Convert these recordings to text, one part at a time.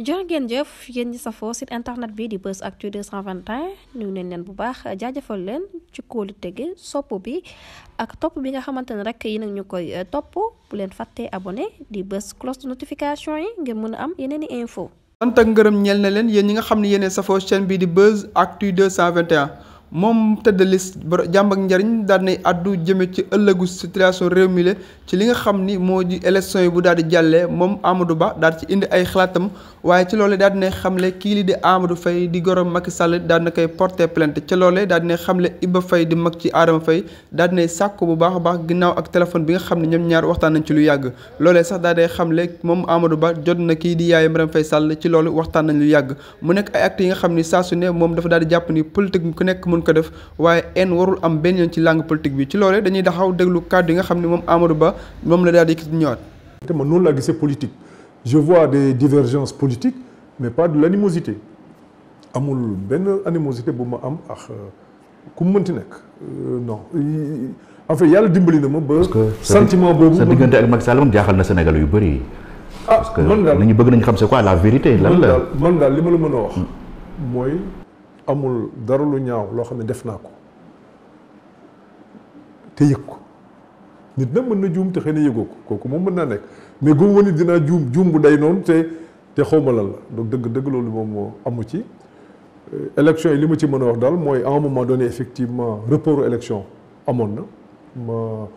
jërë ngeen jëf yéen ñi safoo site internet bi di Buzz Actu 221 ñu neen leen bu baax jaajëfal leen ci kóolu tege sopp bi ak topp bi nga xamante ne rek yi nag ñu koy eh, topp bu leen fàttee abone di bës cloche de notification yi ngir mën a am yeneen i info sant ak ngërëm ñeel na leen yéen ñi nga xam ne yeneen safoo chaîne bi di Buzz Actu vingt 221 moom tëdd list jàmb ak njariñ daal nay àddu jëme ci ëllëgu situation réew mi ci li nga xam ni moo di élection bu daal di jàllee moom Amadou Ba daal ci indi ay xalaatam waaye ci loolee daal dina xamle kii li di Amadou Faye di gorom Macky Sall daal na koy porter plainte ca loolee daal dina xamle Iba Faye di mag ci Adama Faye daal dinay sàkku bu baax a baax ginnaaw ak téléphone bi nga xam ne ñoom ñaar waxtaan nañ ci lu yàgg loolee sax daal day xamle moom Amadou Ba jot na kii di yaay Marème Faye Sall ci lool waxtaan nañ lu yàgg mu nekk ay actes yi nga xam ni saa su ne moom dafa daal di jàpp ni politique ku nekk doon ko def waaye en warul am benn yoon ci langue politique bi ci loole dañuy taxaw déglu kàddu yi nga xam ne moom Amadou Ba moom la daal di ñëwaat. te man noonu laa gisee politique je vois des divergences politiques mais pas de l'animosité amul benn animosité bu ma am ax euh, ku mu mënti nekk euh, non en fait yàlla dimbali na ma ba. sentiment boobu sa diggante ak Macky Sall moom jaaxal na Sénégal yu bëri. ah man daal parce que nañu bëgg nañu xam c'est quoi la vérité. lan la man daal li ma la mën a wax hmm. mooy. amul dara lu ñaaw loo xam ne def naa ko te yëg ko nit nag mën na juum te xëy na yëgoo ko kooku moom mën naa nekk mais gëm woon dinaa juum juum bu day noonu te xaw ma lan la donc dëgg dëgg loolu moom moo ci. Euh, élection yi li ma ci mën a wax daal mooy à un moment donné effectivement report élection amoon na ma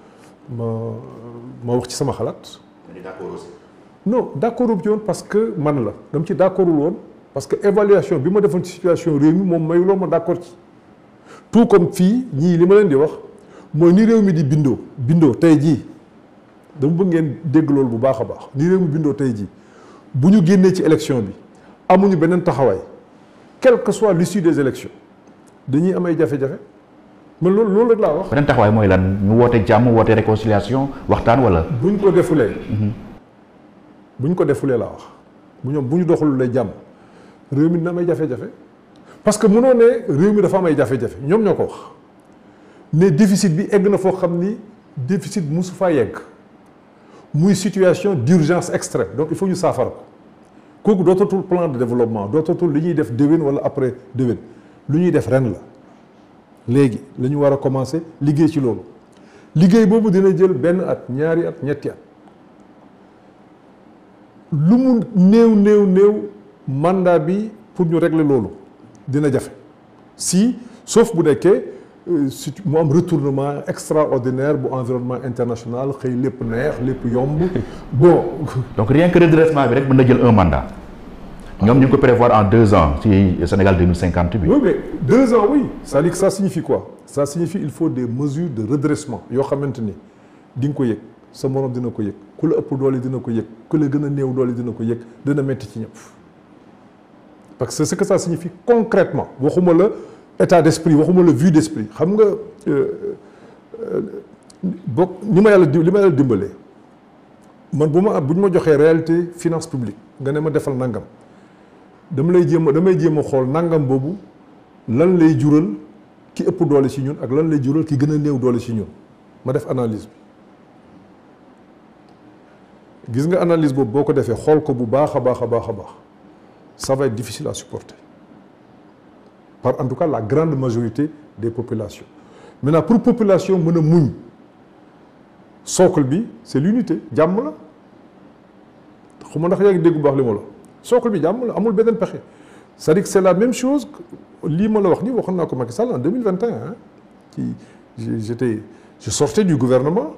ma ma wax ci sama xalaat. non d' accord ci woon parce que man la dama ci d' accordul woon. parce que évaluation bi ma defoon ci situation réew mi moom may loo ma d'accord ci tout comme fii ñii li ma leen di wax mooy ni réew mi di bindoo bindoo tey jii dama bëgg ngeen dégg loolu bu baax a baax ni réew mi bindoo tey jii bu ñu génnee ci élection bi amuñu beneen taxawaay quel que soit l'issue des élections dañuy am ay jafe-jafe man loolu loolu rek laa wax. beneen taxawaay mooy lan ñu woote jàmm woote réconciliation waxtaan wala. buñ ko defulee. Mhm. ko defulee laa wax bu ñoom bu ñu doxalulee jàmm. réew mi dina may jafe-jafe parce que mënoo ne réew mi dafa am ay jafe-jafe ñoom ñoo ko wax ne déficit bi egg na foo xam ni déficit musu faa yegg muy situation d'urgence extrême donc il faut ñu saafara ko kooku dootatul plan de développement dootatul li ñuy def déwén wala après déwén lu ñuy def ren la léegi lañu war a commencer liggéey ci loolu liggéey boobu dina jël benn at ñaari at ñetti at lu mu néew néew néew mandat bi pour ñu régler loolu dina jafe si sauf bu nekkee euh, si mu am retournement extraordinaire bu environnement international xëy lépp neex lépp yomb bon. donc rien que redressement bi rek mën na jël un mandat. ñoom ñu ngi ko prévoir en deux ans ci Sénégal 2050 bi. oui mais deux ans oui. c'est-à-dire que ça signifie quoi. ça signifie il faut des mesures de redressement yoo xamante ni di nga ko yëg sa morom dina ko yëg ku la ëpp doole dina ko yëg ku la a néew doole dina ko yëg dina metti ci ñëpp. parce que ce que ça signifie concrètement waxuma la état d'esprit waxuma la vue d'esprit xam nga euh, euh, bokk ni ma yàlla li ma yàlla dimbalee man bu ma bu ñu ma joxee réalité finance publique nga ne ma defal nangam dama lay jéem a damay jéem a xool nangam boobu lan lay jural ki ëpp doole ci ñun ak lan lay jural ki gën a néew doole ci ñun ma def analyse bi gis nga analyse boobu boo ko defee xool ko bu baax a baax a baax a baax. ça va être difficile à supporter. Par en tout cas la grande majorité des populations. Maintenant pour population mën a muñ socle bi c'est l'unité jàmm la xaw ma ndax yaa ngi dégg bu baax li ma la socle bi jàmm la amul beneen pexe c'est-à-dire que c'est la même chose lii ma la wax nii waxoon naa ko Macky Sall en 2021 hein ci j'étais je sortais du gouvernement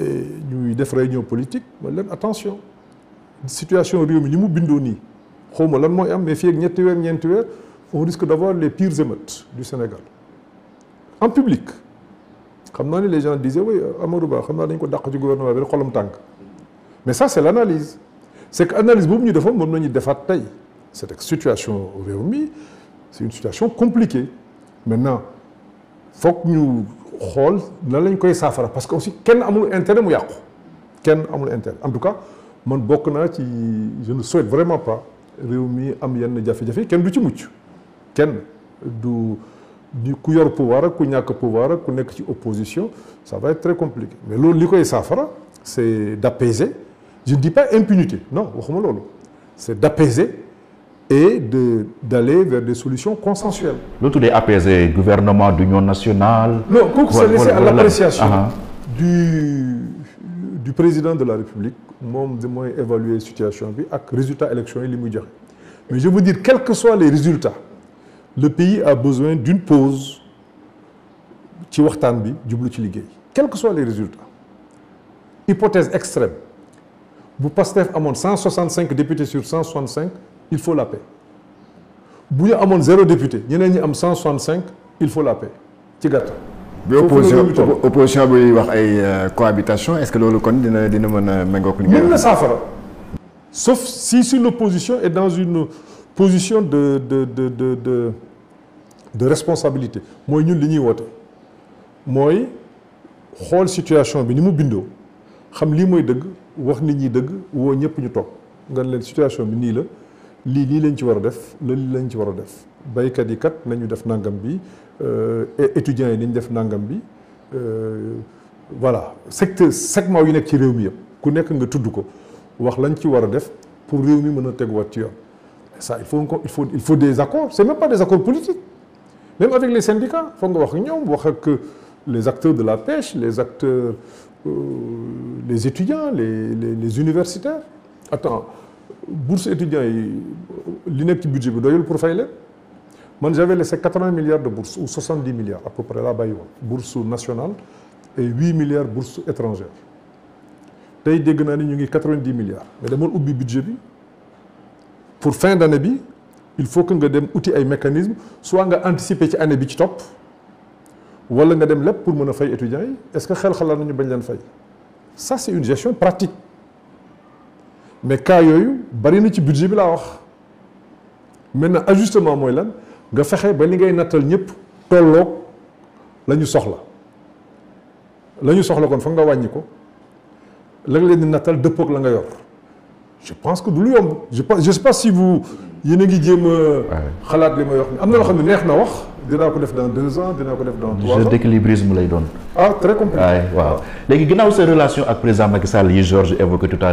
et ñuy def réunion politique ma leen attention situation réew mi ni mu bindoo nii xawma lan mooy am mais fii ak ñetti weer ñeenti weer on risque d'avoir les pires émeutes du Sénégal en public xam naa ni les gens disaient oui Amadou Ba xam naa dañ ko daq ci gouvernement bi rek xolam tànk mais ça c'est l'analyse c'est que analyse boobu ñu defoon moom nañu defaat tey cette situation réew mi c'est une situation compliquée maintenant foog ñu xool nan lañ koy saafara parce que aussi kenn amul intérêt mu yàqu kenn amul intérêt en tout cas man bokk naa ci je ne vraiment pas réew mi am yenn jafe-jafe kenn du ci mucc kenn du du ku yor pouvoir ak ku ñàkk pouvoir ak ku nekk ci opposition ça va être très compliqué mais loolu li koy saafara c'est d'apaiser je ne dis pas impunité non waxuma loolu c'est d'apaiser et de d'aller vers des solutions consensuelles. lu tuddee apaiser gouvernement d'union nationale. non kooku c'est laissé à l'appréciation du. du président de la République moom mooy évaluer situation bi ak résultat élection yi li muy joxe mais je veux dire quels que soient les résultats le pays a besoin d'une pause ci waxtaan bi jublu ci liggéey quels que soient les résultats hypothèse extrême bu Pastef amoon 165 députés sur 165 il faut la paix bu ñu amoon zéro député ñeneen ñi am 165 il faut la paix ci gàttal bi opposition bi wax ay euh, cohabitation est-ce que loolu kon dina dina mën a méngoog li mën na saafara sauf si si position et dans une position de de de de de de responsabilité mooy ñun li ñuy woote mooy xool situation bi ni mu bindoo xam lii mooy dëgg wax nit ñi dëgg woo ñëpp ñu toog nga leen situation bi nii la lii lii lañ ci war a def la lii lañ ci war a def baykat yi kat nañu def nangam bi Euh, étudiants yi nañ def nangam bi euh, voilà secteur segment yu nekk ci réew mi yëpp ku nekk nga tudd ko wax lañ ci war a def pour réew mi mën a teguwaat ci yoon ça il faut il faut il faut des accords c'est même pas des accords politiques même avec les syndicats foog nga wax ak ñoom wax ak les acteurs de la pêche les acteurs euh, les étudiants les les, les universitaires attends bourse étudiants yi li nekk ci budget bi doyul pour fay leen man j'avais laissé 80 milliards de bourses ou 70 milliards à peu près laa bàyyi woon bourse nationale et 8 milliards bourse étrangère tey dégg naa ni ñu ngi 90 milliards mais dama ubbi budget bi pour fin d'année bi il faut que nga dem uti ay mécanismes soit nga anticiper ci année bi ci topp wala nga dem lépp pour mën a fay étudiants yi est-ce que xel xalaat nañu bañ leen fay ça c'est une gestion pratique mais cas yooyu bari na ci budget bi laa wax maintenant ajustement mooy lan. nga fexe ba li ngay nattal ñëpp tolloog la ñu soxla la ñu soxla kon fa nga wàññi ko la nga leen di nattal dëppoog la nga yor je pense que du lu yomb je pense je si vous yéen a ngi jéem a xalaat li may wax am na loo xam ne neex na wax dinaa ko def dans deux ans dinaa ko def dans trois ans jeu lay doon. ah très compliqué waaw léegi ginnaaw say relation ak président Macky Sall yi Georges évoqué tout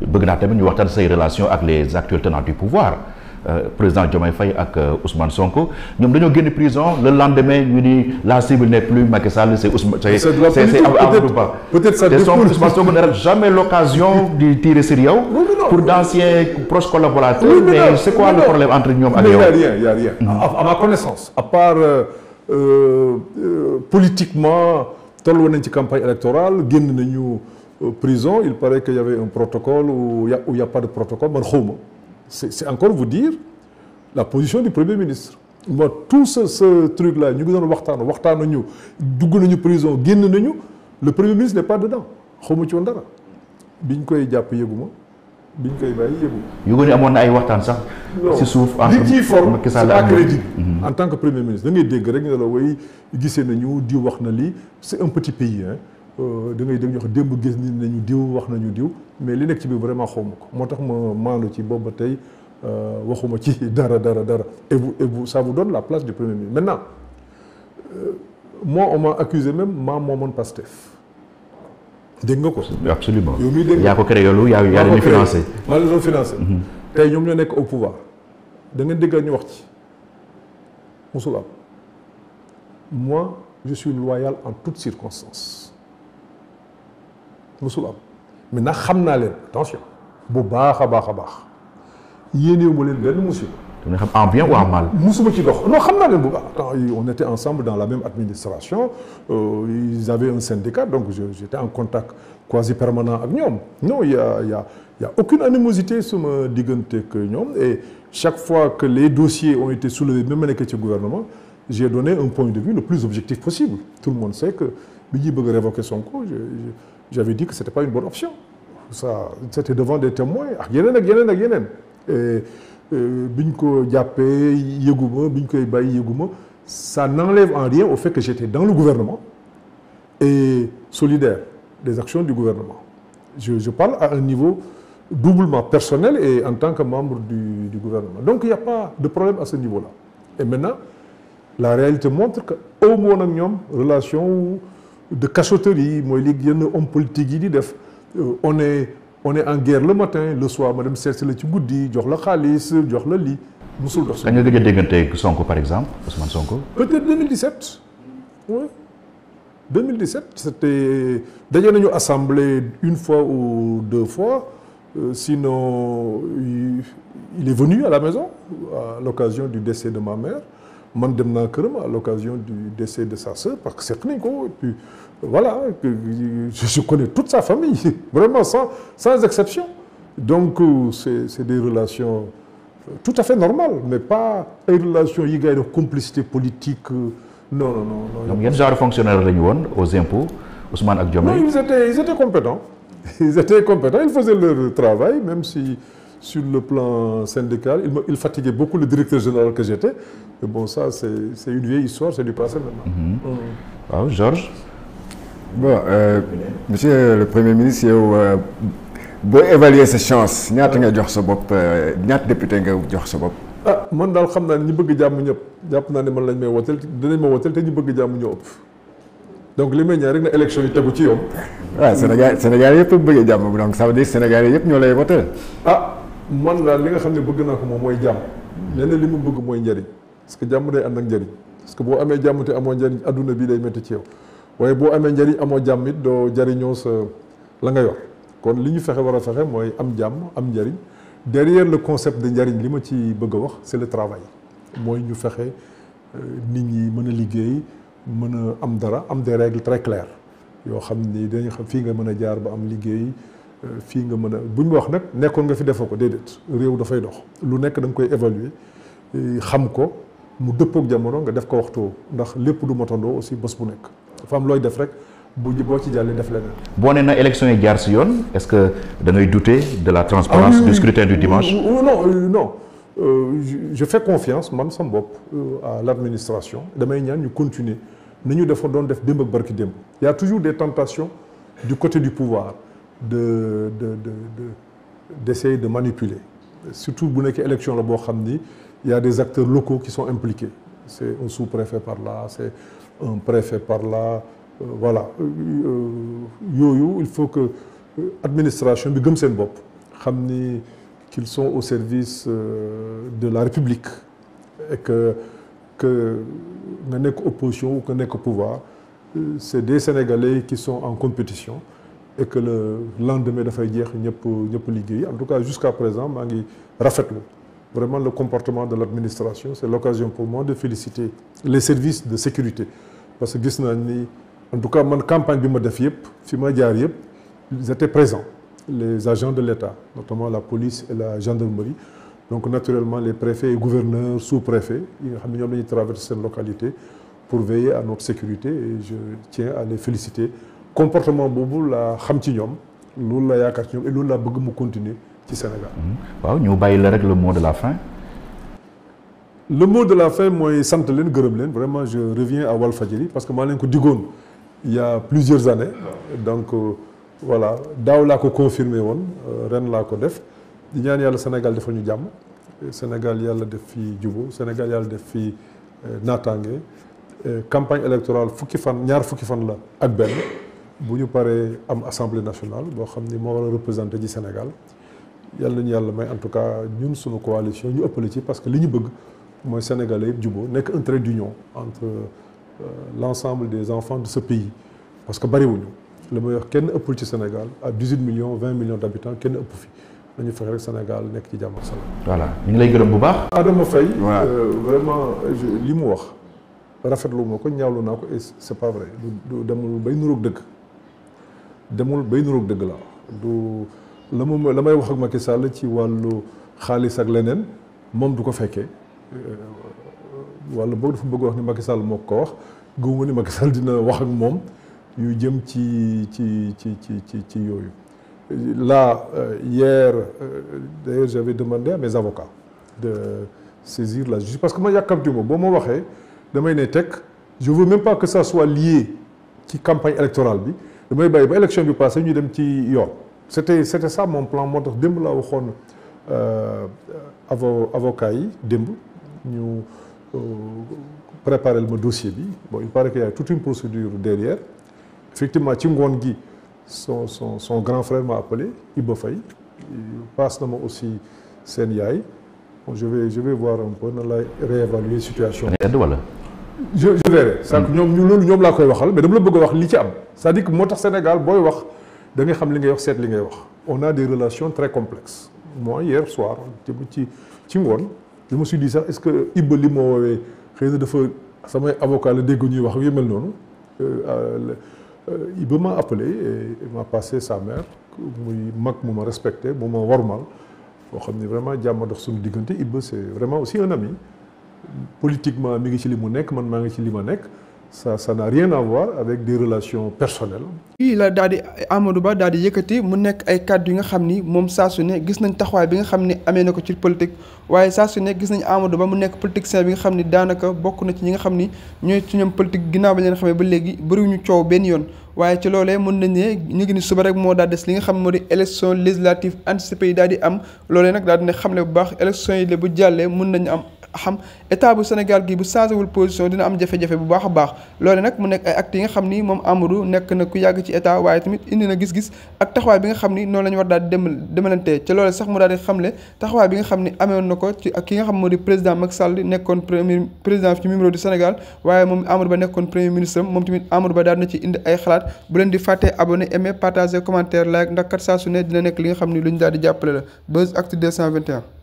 bëgg naa tamit ñu waxtaan say relation ak les actuels tenants du pouvoir. Euh, président Diomaye Faye ak euh, Ousmane Sonko ñoom dañoo génn prison le lendemain ñu ni la cible n'est plus Macky c'est Ousmane Sonko ne jamais l'occasion de tirer sur pour d'anciens proches collaborateurs mais c'est quoi le problème entre ñoom ak yow il a rien mhm. à ma connaissance à euh, politiquement toll nañ ci campagne électorale génn nañu prison il paraît qu'il y avait un protocole ou y a pas de protocole man xawma c'est encore vous dire la position du premier ministre bon tout ce ce truc là ñu ngi doon waxtaan waxtaan nañu dugg nañu prison génn nañu le premier ministre n'est pas xaw xawma ci woon dara biñ koy jàpp bi ñu koy bàyyi yëguma. yu ko ni amoon na ay waxtaan sax. si suuf entre li ciy forme c'est pas crédible mhm. en tant que premier ministre da ngay dégg rek ne la way gisee nañu di wax na lii c'est un petit pays hein. Euh, da ngay dégg ñoo xam démb gis nit nañu diw wax nañu diw mais li nekk ci biir vraiment xaw ko moo tax ma maandu ci boobu ba tey euh, waxuma ci dara dara dara et vous et vous ça la place du premier ministre maintenant euh, moi on m'a accusé même maa moomoon Pastef dégg nga ko. absolument yow mii dégg yaa ko créé yow yaa yaa leen financé. maa leen doon financé. Mm-hmm. tey ñoom ñoo nekk au pouvoir da ngeen dégg ñu wax ci mosul am moi je suis loyal en toutes circonstances. musul am maintenant xam naa leen attention bu baax a baax a baax yéenewu ma leen benn musiba. dina xam en bien ou en mal. musuma ci dox non xam naa leen bu baax. on était ensemble dans la même administration euh, ils avaient un syndicat donc j'étais en contact quasi permanent ak ñoom non y' a y' a y' a aucune animosité suma diggante que ñoom et chaque fois que les dossiers ont été soulevés même ma nekkee ci gouvernement j'ai donné un point de vue le plus objectif possible tout le monde sait que bi ñuy bëgg a révoquer j'avais dit que c'était pas une bonne option ça c'était devant des témoins ah yeneen ak yeneen ak yeneen euh, bi ñu ko jàppee yëguma bi ñu koy bàyyi yëguma ça n'enlève en rien au fait que j'étais dans le gouvernement et solidaire des actions du gouvernement je je parle à un niveau doublement personnel et en tant que membre du du gouvernement donc il y a pas de problème à ce niveau-là et maintenant la réalité montre que aw moon ak ñoom relation de cachotterie mooy li yenn homme politique yi di def euh, on est on est en guerre le matin le soir ma dem seet la ci guddi jox la xaalis jox la lii musul dox. kañ la gëj a dégganteeg par exemple Ousmane Sonko. peut-être 2017 oui 2017 c'était daje nañu assemblée une fois ou deux fois euh, sinon il est venu à la maison à l'occasion du décès de ma mère. man dem naa këram à l'occasion du décès de sa sœur parce que seq nañ ko et puis voilà je connais toute sa famille vraiment sans sans exception donc euh, c'est c'est des relations euh, tout à fait normales mais pas ay relations yi gars yi def complicité politique euh, non non non. donc yan genre fonctionnaire la ñu woon aux impôts Ousmane ak Diomaye. non ils étaient ils étaient compétents ils étaient compétents ils faisaient leur travail même si. sur le plan syndical. Il, il fatiguait beaucoup le directeur général que j'étais. Mais bon, ça, c'est une vieille histoire, c'est du passé maintenant. Mm-hmm. Mm waaw ah, Georges. bon euh, monsieur le premier ministre yow euh, boo évaluer sa chance ñaata nga jox sa bopp euh, ñaata député nga jox sa bopp. ah man daal xam naa ne ñi bëgg jàmm ñëpp jàpp naa ne man lañ may woteel dinañ ma woteel te ñu bëgg jàmm ñu ëpp donc li may ñaan rek na élection yi tegu ci yow. waaw ah, Sénégal Sénégal yëpp bëgg jàmm donc ça yëpp ñoo lay woteel ah, man daal li nga xam ne bëgg naa ko moom mooy jàmm leneen li mu bëgg mooy njëriñ parce que jàmm day ànd ak njëriñ parce que boo amee jàmm te amoo njëriñ adduna bi day métti ci yow waaye boo amee njëriñ amoo jàmm it doo jëriñoo sa la nga yor kon li ñu fexe war a fexe mooy am jàmm am njëriñ derrière la concept de njëriñ li ma ci bëgg a wax c'est le travail mooy ñu fexe euh, nit ñi mën a liggéey mën a am dara am des règles très claires yoo xam ni dañu xam fii nga mën a jaar ba am liggéey Euh, fii nga mën a buñ wax nag nekkoon nga fi defoo ko déedéet réew dafay dox lu nekk da koy évaluer euh, xam ko mu dëppook jamono nga def ko waxtu ndax lépp du motandoo aussi bés bu nekk dafa looy def rek bu boo ci jàllee def leneen. boo nee na élection yi jaar si yoon est-ce que da ngay douter de la transparence ah du scrutin du dimanche. no non euh, je fais confiance man sama bopp à l'administration damay ñaan ñu continuer nañu defa doon def démb ak barki démb y a toujours des tentations du côté de de de d'essayer de manipuler surtout bu nekkee élection la boo xam ni ya y a des acteurs locaux qui sont impliqués c'est un sous-préfet par là c'est un préfet par là euh, voilà euh, euh, yooyu il faut que euh, administration bi gëm seen bopp xam ni qu'ils sont au service de la République et que que nga nekk opposition ou que nekk pouvoir c'est des Sénégalais qui sont en compétition et que le lendemain dafay jeex ñëpp ñëpp liggéey en tout cas jusqu'à présent maa ngi rafet rafetlu vraiment le comportement de l'administration c'est l'occasion pour moi de féliciter les services de sécurité parce que gis naa ni en tout cas man campagne bi ma def yëpp fi ma jaar yëpp ils étaient présents les agents de l'État notamment la police et la gendarmerie donc naturellement les préfets et gouverneurs sous-préfets yi nga xam ne ñoom lañuy traverser seen localité pour veiller à sécurité et je tiens à comportement boobu laa xam ci ñoom loolu laa yaakaar ci ñoom et loolu laa bëgg mu continuer ci Sénégal. Hmm. waaw ñu bàyyi la rek le mot de la fin. le mot de la fin mooy sant leen gërëm leen vraiment je reviens à Walfadjri parce que maa leen ko diggoon il y plusieurs années. donc euh, voilà daaw laa ko confirmé woon euh, ren laa ko def di ñaan yàlla Sénégal defal ñu jàmm. Sénégal yàlla def fi jubo Sénégal yàlla def fi euh, naataange campagne électorale fukki fan ñaar fukki fan la ak bu ñu paree am assemblée nationale boo xam ni moo war a représenté ci Sénégal yàlla nañu yàlla may en tout cas ñun sunu coalition ñu ëppale ci parce que li ñu bëgg mooy sénégalais yëpp juboo nekk un trait d'union entre euh, l' des enfants de ce pays. parce que bariwuñu li may wax kenn ëppul ci Sénégal à 18 millions 20 millions d' habitants kenn ëpp fi nañu fexe rek Sénégal nekk ci jàmm ak salaam. voilà ñu ngi lay gërëm bu baax. Adama euh, vraiment li mu wax rafetlu ma ko ñaawlu naa ko et c' est pas vrai du demul dëgg. demul bay nuroog dëgg la du la mu la may wax ak Macky Sall ci wàllu xaalis ak leneen moom du ko fekkee euh, walla boo dafa bëgg wax ni Macky Sall moo ko wax gëmuma ni Macky dina wax ak moom yu jëm ci ci ci ci ci ci yooyu. la euh, hier euh, d'ailleurs j'avais demandé à mes avocats de saisir la justice parce que ma yàkkamti ma boo ma waxee damay ne teg je veux même pas que ça soit lié ci campagne électoral bi. damay bàyyi ba élection bi passé ñu dem ci yoon c' était c' était ça mon plan moo tax démb laa waxoon euh, avo avocat yi démb ñu euh, préparé ma dossier bi bon il paraît que y a toute une procédure derrière effectivement ci ngoon gi son son son grand frère m'a appelé Iba Faye passe na ma aussi seen yaay bon je vais je vais voir un peu nan laay réévaluer situation. wala. je je verrai. sànq ñoom ñu loolu ñoom laa koy waxal mais dama la bëgg a wax li ci am c'est-à-dire que moo tax Sénégal booy wax da ngay xam li ngay wax seet li ngay wax. on a des relations très complexes. moi hier soir ci ci ci ngoon je me suis dit sax est-ce que Ibba li moo woowee xëy na dafa samay avocat la dégg ñuy wax yu mel noonu euh, euh, Ibba m'a appelé et m'a passé sa mère muy mag mu ma respecté mu ma warmal boo xam ni vraiment jàmm dox suñu diggante Ibba c'est vraiment aussi un ami. politiquement mi ngi ci li mu nekk man maa ngi ci li ma nekk ça ça n'a rien à voir avec des relations personnelles. fii la daal di Amadou Ba daal di yëkkati mu nekk ay kàddu yi nga xam ni moom saa su ne gis nañ taxawaay bi nga xam ni amee na ko ci politique waaye saa su ne gis nañ Amadou Ba mu nekk politicien bi nga xam ni daanaka bokk na ci ñi nga xam ni ñooy ci ñoom politique ginnaaw ba leen xamee ba léegi bëriwuñu coow benn yoon. waaye ci loolee mën nañ ne suba rek moo daal des li nga xam moo di élection législative anticipée yi am loolee nag daal di ne xamle bu baax élection bu jàllee mën nañu am. xam état bu Sénégal gi bu changé wul position dina am jafe-jafe bu baax a baax loole nag mu nekk ay actes yi nga xam ni moom Amadou nekk na ku yàgg ci état waaye tamit indi na gis-gis ak taxawaay bi nga xam ni noonu la ñu war daal di demal demalantee ca loole xam ni amewoon na ko ci ak ki nga xam moo di président Macky Sall nekkoon premier président ci numéro du Sénégal waaye moom Amadou Ba nekkoon premier ministre moom tamit Amadou Ba daal na ci indi ay xalaat bu leen di fàttee abonné aimé partager commentaire like ndax kat saa su nga xam ni lu ñu daal di jàppale la Buzz Actu 221